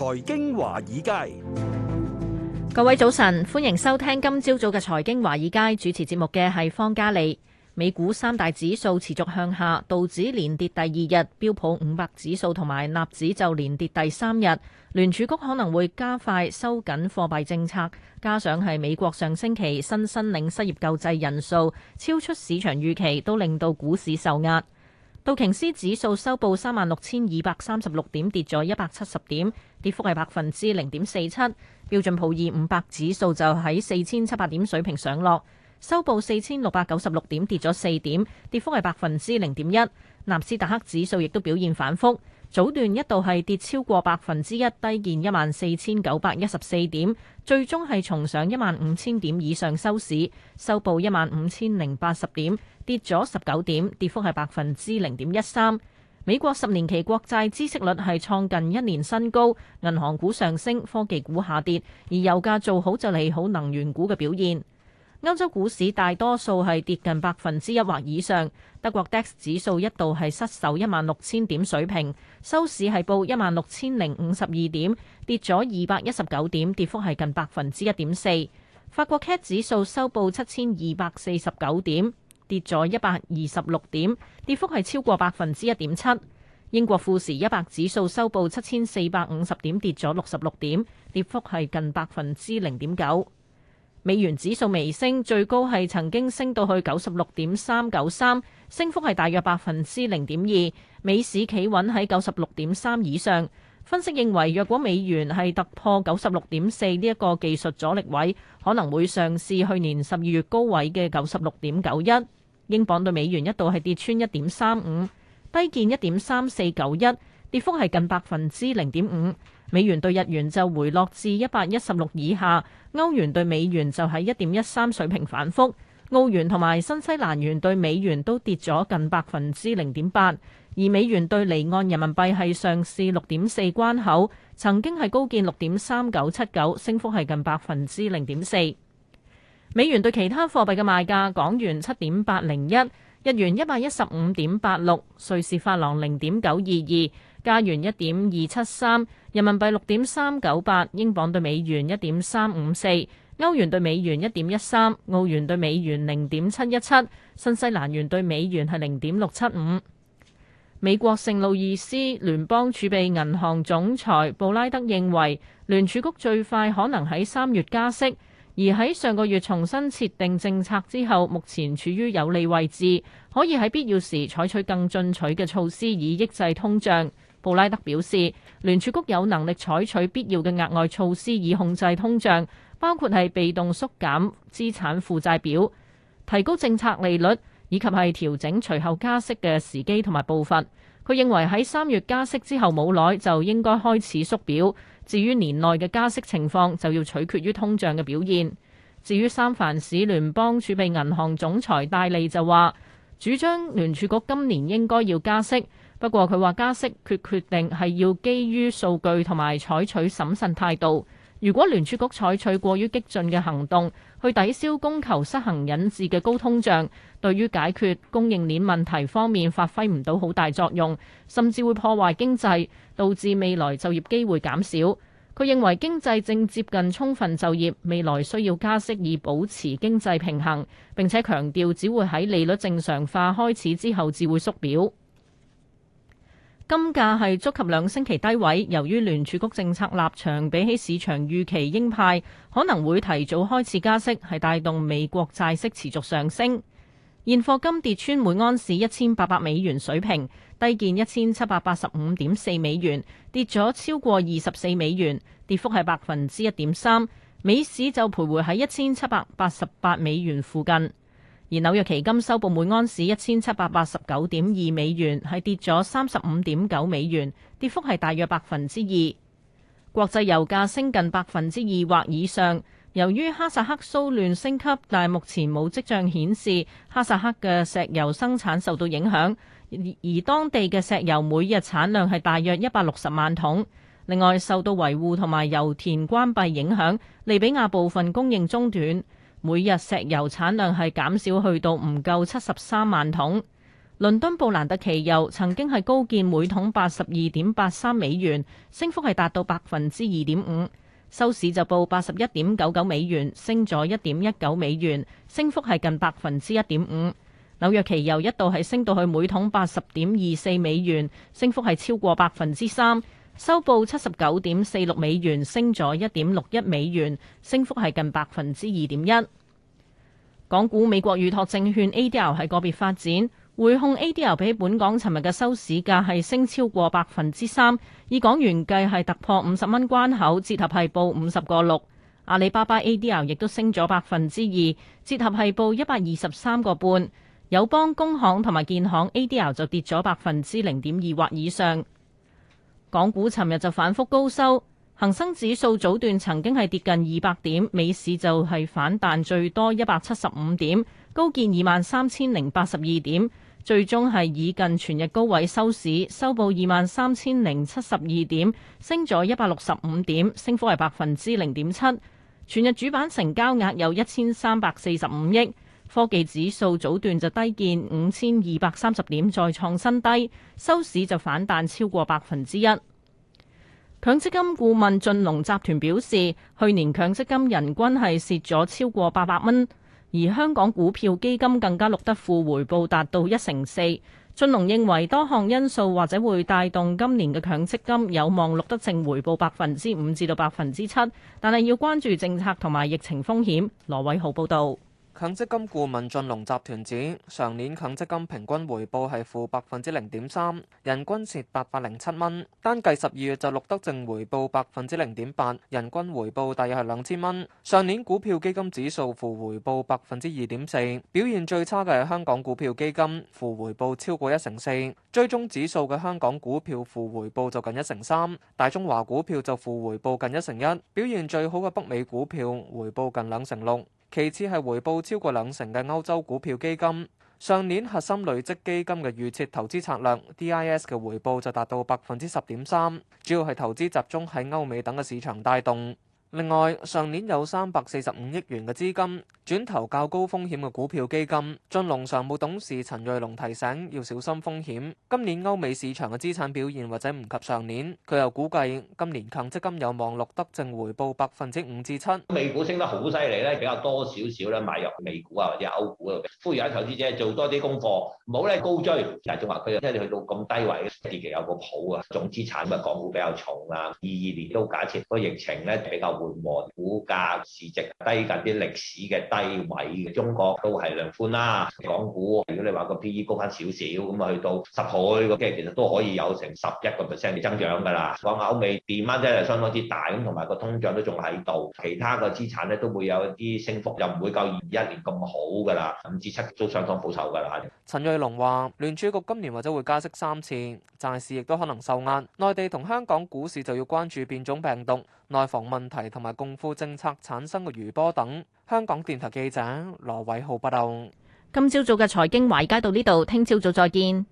財經華爾街，各位早晨，歡迎收聽今朝早嘅財經華爾街主持節目嘅係方嘉利，美股三大指數持續向下，道指連跌第二日，標普五百指數同埋納指就連跌第三日。聯儲局可能會加快收緊貨幣政策，加上係美國上星期新申領失業救濟人數超出市場預期，都令到股市受壓。道瓊斯指數收報三萬六千二百三十六點，跌咗一百七十點，跌幅係百分之零點四七。標準普爾五百指數就喺四千七百點水平上落，收報四千六百九十六點，跌咗四點，跌幅係百分之零點一。納斯達克指數亦都表現反覆。早段一度係跌超過百分之一，低見一萬四千九百一十四點，最終係重上一萬五千點以上收市，收報一萬五千零八十點，跌咗十九點，跌幅係百分之零點一三。美國十年期國債孳息率係創近一年新高，銀行股上升，科技股下跌，而油價做好就利好能源股嘅表現。歐洲股市大多數係跌近百分之一或以上，德國 DAX 指數一度係失守一萬六千點水平，收市係報一萬六千零五十二點，跌咗二百一十九點，跌幅係近百分之一點四。法國 CAC 指數收報七千二百四十九點，跌咗一百二十六點，跌幅係超過百分之一點七。英國富時一百指數收報七千四百五十點，跌咗六十六點，跌幅係近百分之零點九。美元指數微升，最高係曾經升到去九十六點三九三，升幅係大約百分之零點二。美市企穩喺九十六點三以上。分析認為，若果美元係突破九十六點四呢一個技術阻力位，可能會上市去年十二月高位嘅九十六點九一。英鎊對美元一度係跌穿一點三五，低見一點三四九一，跌幅係近百分之零點五。美元兌日元就回落至一百一十六以下，歐元兌美元就喺一點一三水平反覆，澳元同埋新西蘭元兌美元都跌咗近百分之零點八，而美元兌離岸人民幣係上試六點四關口，曾經係高見六點三九七九，升幅係近百分之零點四。美元對其他貨幣嘅賣價，港元七點八零一，日元一百一十五點八六，瑞士法郎零點九二二，加元一點二七三。人民幣六點三九八，英鎊對美元一點三五四，歐元對美元一點一三，澳元對美元零點七一七，新西蘭元對美元係零點六七五。美國聖路易斯聯邦儲備銀行總裁布拉德認為，聯儲局最快可能喺三月加息，而喺上個月重新設定政策之後，目前處於有利位置，可以喺必要時採取更進取嘅措施以抑制通脹。布拉德表示，聯儲局有能力採取必要嘅額外措施以控制通脹，包括係被動縮減資產負債表、提高政策利率以及係調整隨後加息嘅時機同埋步伐。佢認為喺三月加息之後冇耐，就應該開始縮表，至於年內嘅加息情況就要取決於通脹嘅表現。至於三藩市聯邦儲備銀行總裁戴利就話主張聯儲局今年應該要加息。不過佢話加息決決定係要基於數據同埋採取審慎態度。如果聯儲局採取過於激進嘅行動，去抵消供求失衡引致嘅高通脹，對於解決供應鏈問題方面發揮唔到好大作用，甚至會破壞經濟，導致未來就業機會減少。佢認為經濟正接近充分就業，未來需要加息以保持經濟平衡，並且強調只會喺利率正常化開始之後至會縮表。金價係觸及兩星期低位，由於聯儲局政策立場比起市場預期鷹派，可能會提早開始加息，係帶動美國債息持續上升。現貨金跌穿每盎司一千八百美元水平，低見一千七百八十五點四美元，跌咗超過二十四美元，跌幅係百分之一點三。美市就徘徊喺一千七百八十八美元附近。而紐約期金收報每安士一千七百八十九點二美元，係跌咗三十五點九美元，跌幅係大約百分之二。國際油價升近百分之二或以上，由於哈薩克騷亂升級，但係目前冇跡象顯示哈薩克嘅石油生產受到影響，而當地嘅石油每日產量係大約一百六十萬桶。另外，受到維護同埋油田關閉影響，利比亞部分供應中斷。每日石油產量係減少去到唔夠七十三萬桶。倫敦布蘭特期油曾經係高見每桶八十二點八三美元，升幅係達到百分之二點五，收市就報八十一點九九美元，升咗一點一九美元，升幅係近百分之一點五。紐約期油一度係升到去每桶八十點二四美元，升幅係超過百分之三。收報七十九點四六美元，升咗一點六一美元，升幅係近百分之二點一。港股美國預託證券 ADR 係個別發展，匯控 ADR 比起本港尋日嘅收市價係升超過百分之三，以港元計係突破五十蚊關口，折合係報五十個六。阿里巴巴 ADR 亦都升咗百分之二，折合係報一百二十三個半。友邦、工行同埋建行 ADR 就跌咗百分之零點二或以上。港股尋日就反覆高收，恒生指數早段曾經係跌近二百點，尾市就係反彈最多一百七十五點，高見二萬三千零八十二點，最終係以近全日高位收市，收報二萬三千零七十二點，升咗一百六十五點，升幅係百分之零點七，全日主板成交額有一千三百四十五億。科技指數早段就低見五千二百三十點，再創新低，收市就反彈超過百分之一。強積金顧問駿隆集團表示，去年強積金人均係蝕咗超過八百蚊，而香港股票基金更加錄得負回報，達到一成四。駿隆認為多項因素或者會帶動今年嘅強積金有望錄得正回報百分之五至到百分之七，但係要關注政策同埋疫情風險。羅偉豪報導。強積金顧問駿龍集團指，上年強積金平均回報係負百分之零點三，人均蝕八百零七蚊。單計十二月就錄得正回報百分之零點八，人均回報大約係兩千蚊。上年股票基金指數負回報百分之二點四，表現最差嘅係香港股票基金，負回報超過一成四。追蹤指數嘅香港股票負回報就近一成三，大中華股票就負回報近一成一，表現最好嘅北美股票回報近兩成六。其次係回報超過兩成嘅歐洲股票基金，上年核心累積基金嘅預設投資策略 DIS 嘅回報就達到百分之十點三，主要係投資集中喺歐美等嘅市場帶動。另外上年有三百四十五億元嘅資金轉投較高風險嘅股票基金，駿龍常務董事陳瑞龍提醒要小心風險。今年歐美市場嘅資產表現或者唔及上年，佢又估計今年強積金有望錄得正回報百分之五至七。美股升得好犀利咧，比較多少少咧買入美股啊或者歐股啊，呼籲啲投資者做多啲功課，唔好咧高追，就係話佢啊，即係你去到咁低位嘅時期有個譜啊，總資產咪港股比較重啊。二二年都假設個疫情咧比較。換和股價市值低近啲歷史嘅低位嘅中國都係量寬啦，港股如果你話個 P E 高翻少少咁啊，去到十倍咁嘅，其實都可以有成十一個 percent 嘅增長㗎啦。講歐美變壓真係相當之大，咁同埋個通脹都仲喺度，其他個資產咧都會有一啲升幅，又唔會夠二一年咁好㗎啦，五至七都相當保守㗎啦。陳瑞龍話聯儲局今年或者會加息三次，債市亦都可能受壓，內地同香，香港股市就要關注變種病毒、內房問題。同埋共富政策產生嘅餘波等，香港電台記者羅偉浩報道。今朝早嘅財經華爾街到呢度，聽朝早再見。